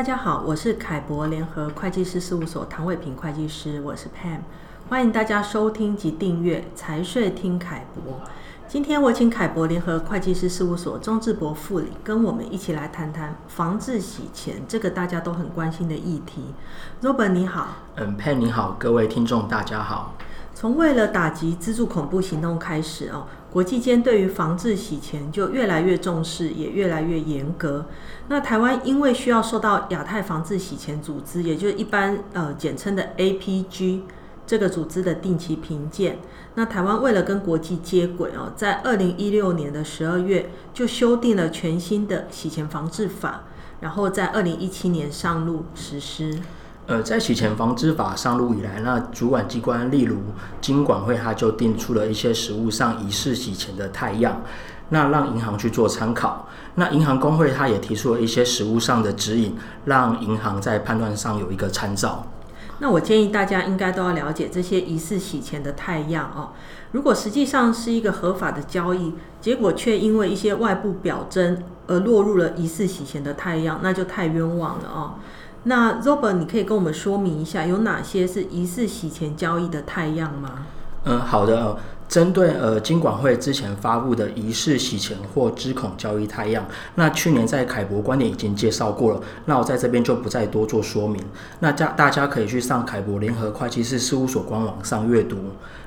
大家好，我是凱博聯合會計師事務所唐偉平會計師，我是 Pam，歡迎大家收聽及訂閱財稅聽凱博。今天我請凱博聯合會計師事務所鍾志博副理跟我們一起來談談防治洗錢這個大家都很關心的議題。Robert 你好，嗯、um, Pam 你好，各位聽眾大家好。從為了打擊資助恐怖行動開始哦，國際間對於防治洗錢就越來越重視，也越來越嚴格。那台灣因為需要受到亞太防治洗錢組織，也就是一般呃簡稱的 APG 這個組織的定期評鑑，那台灣為了跟國際接軌哦，在二零一六年的十二月就修訂了全新的洗錢防治法，然後在二零一七年上路實施。呃，在洗錢防制法上路以來，那主管機關例如金管會，他就定出了一些實務上疑似洗錢的態樣，那讓銀行去做參考。那銀行工會他也提出了一些實務上的指引，讓銀行在判斷上有一個參照。那我建議大家應該都要了解這些疑似洗錢的態樣哦。如果實際上是一個合法的交易，結果卻因為一些外部表徵而落入了疑似洗錢的態樣，那就太冤枉了哦。那 Robert，你可以跟我們說明一下有哪些是疑似洗錢交易的態樣嗎？嗯，好的。呃，針對呃金管會之前發布的疑似洗錢或資恐交易態樣，那去年在凱博觀點已經介紹過了，那我在這邊就不再多做說明。那家大家可以去上凱博聯合會計師事務所官網上閱讀。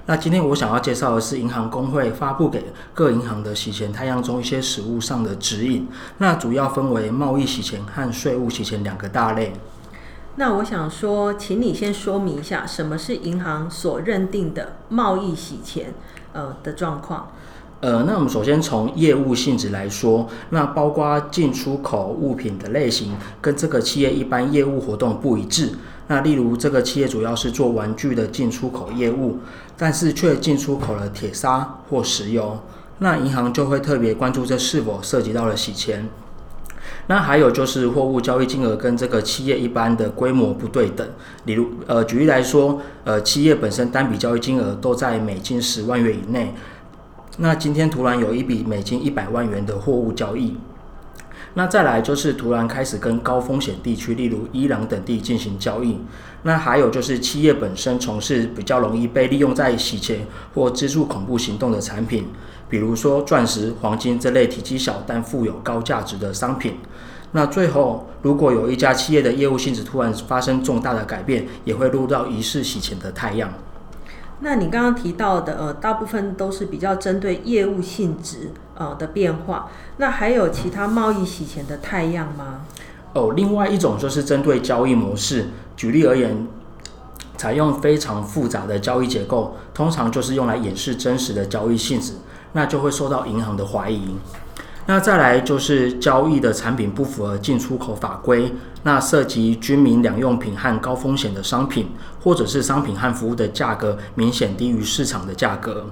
那今天我想要介紹的是銀行公會發布給各銀行的洗錢態樣中一些實務上的指引，那主要分為貿易洗錢和稅務洗錢兩個大類。那我想說，請你先說明一下什麼是銀行所認定的貿易洗錢呃的狀況？呃，那我們首先從業務性質來說，那包括進出口物品的類型跟這個企業一般業務活動不一致。那例如這個企業主要是做玩具的進出口業務，但是卻進出口了鐵砂或石油，那銀行就會特別關注這是否涉及到了洗錢。那還有就是貨物交易金額跟這個企業一般的規模不對等，例如，呃，舉例來說，呃，企業本身單筆交易金額都在美金十萬元以內，那今天突然有一筆美金一百萬元的貨物交易。那再來就是突然開始跟高風險地區，例如伊朗等地進行交易。那還有就是企業本身從事比較容易被利用在洗錢或資助恐怖行動的產品，比如說鑽石、黃金這類體積小但富有高價值的商品。那最後，如果有一家企業的業務性質突然發生重大的改變，也會錄入到疑似洗錢的態樣。那你剛剛提到的，呃，大部分都是比較針對業務性質啊、呃、的變化，那還有其他貿易洗錢的態樣嗎？哦，另外一種就是針對交易模式，舉例而言，採用非常複雜的交易結構，通常就是用來掩飾真實的交易性質，那就會受到銀行的懷疑。那再來就是交易的產品不符合進出口法規，那涉及軍民兩用品和高風險的商品，或者是商品和服務的價格明顯低於市場的價格。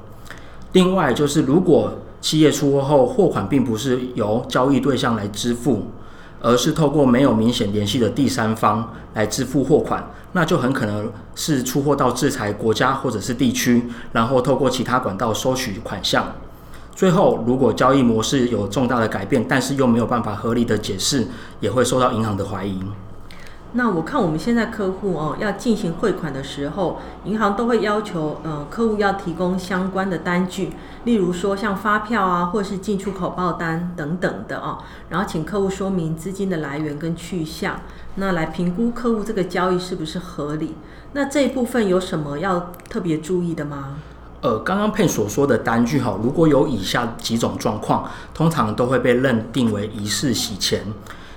另外，就是如果企業出貨後，貨款並不是由交易對象來支付，而是透過沒有明顯聯繫的第三方來支付貨款，那就很可能是出貨到制裁國家或者是地區，然後透過其他管道收取款項。最後，如果交易模式有重大的改變，但是又沒有辦法合理的解釋，也會受到銀行的懷疑。那我看我們現在客戶哦，要進行匯款的時候，銀行都會要求呃客戶要提供相關的單據，例如說像發票啊，或是進出口報單等等的哦，然後請客戶說明資金的來源跟去向，那來評估客戶這個交易是不是合理。那這一部分有什麼要特別注意的嗎？呃，剛剛佩所說的單據哈，如果有以下幾種狀況，通常都會被認定為疑似洗錢。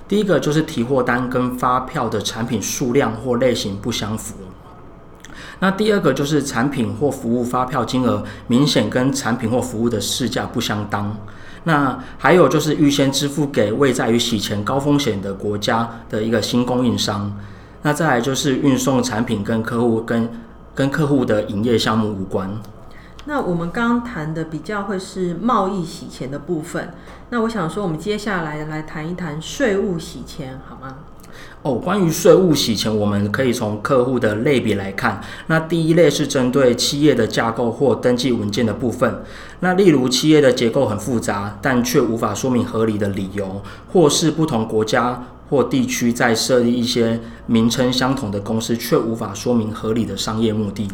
第一個就是提貨單跟發票的產品數量或類型不相符。那第二個就是產品或服務發票金額明顯跟產品或服務的市價不相當。那還有就是預先支付給位在於洗錢高風險的國家的一個新供應商。那再來就是運送產品跟客戶跟跟客戶的營業項目無關。那我們剛剛談的比較會是貿易洗錢的部分，那我想說，我們接下來來談一談稅務洗錢，好嗎？哦，關於稅務洗錢，我們可以從客戶的類別來看。那第一類是針對企業的架構或登記文件的部分。那例如企業的結構很複雜，但卻無法說明合理的理由，或是不同國家或地區在設立一些名稱相同的公司，卻無法說明合理的商業目的。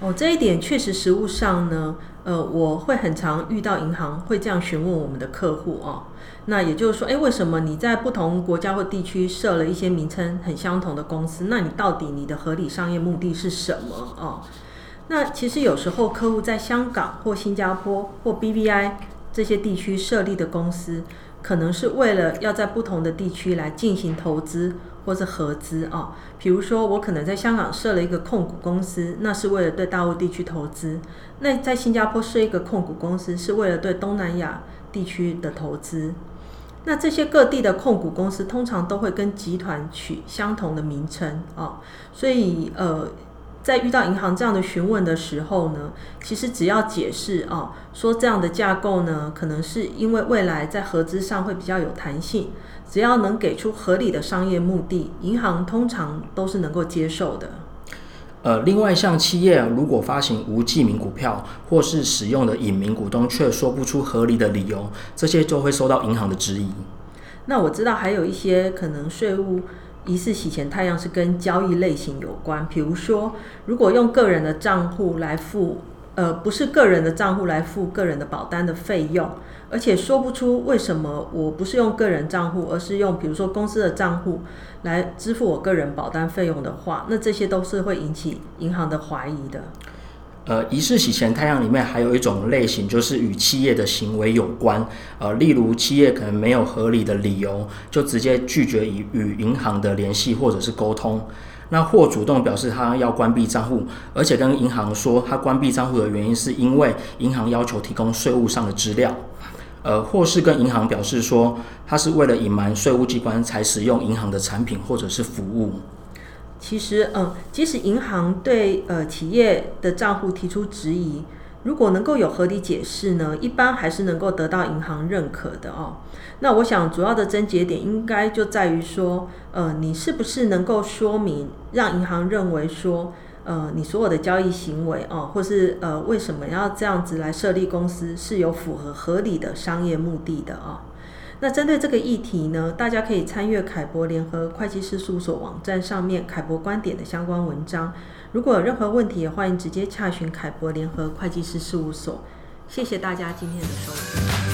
哦，這一點確實，實務上呢，呃，我會很常遇到銀行會這樣詢問我們的客戶哦，那也就是說，誒，為什麼你在不同國家或地區設了一些名稱很相同的公司？那你到底你的合理商業目的是什麼哦，那其實有時候客戶在香港或新加坡或 BVI 這些地區設立的公司，可能是為了要在不同的地區來進行投資。或者合資啊，比如說我可能在香港設了一個控股公司，那是為了對大陸地區投資；那在新加坡設一個控股公司，是為了對東南亞地區的投資。那這些各地的控股公司通常都會跟集團取相同的名稱啊，所以呃。在遇到銀行這樣的詢問的時候呢，其實只要解釋啊，說這樣的架構呢，可能是因為未來在合資上會比較有彈性，只要能給出合理的商業目的，銀行通常都是能夠接受的。呃，另外，像企業如果發行無記名股票，或是使用的隱名股東，卻說不出合理的理由，這些就會受到銀行的質疑。那我知道還有一些可能稅務。疑似洗錢，態樣是跟交易類型有關。比如說，如果用個人的賬戶來付，呃，不是個人的賬戶來付個人的保單的費用，而且說不出為什麼我不是用個人賬戶，而是用比如說公司的賬戶來支付我個人保單費用的話，那這些都是會引起銀行的懷疑的。呃，疑似洗錢態樣裡面還有一種類型，就是與企業的行為有關。呃，例如企業可能沒有合理的理由，就直接拒絕與與銀行的聯繫或者是溝通。那或主動表示他要關閉賬戶，而且跟銀行說他關閉賬戶的原因是因為銀行要求提供稅務上的資料。呃，或是跟銀行表示說，他是為了隱瞞稅務機關才使用銀行的產品或者是服務。其實，嗯，即使銀行對呃企業的賬戶提出質疑，如果能夠有合理解釋呢，一般還是能夠得到銀行認可的哦。那我想，主要的症結點應該就在於說，呃，你是不是能夠說明讓銀行認為說，呃，你所有的交易行為哦、呃，或是呃，為什麼要這樣子來設立公司，是有符合合理的商業目的的哦。那針對這個議題呢，大家可以參閱凱博聯合會計師事務所網站上面凱博觀點的相關文章。如果有任何問題，也歡迎直接洽詢凱博聯合會計師事務所。謝謝大家今天的收聽。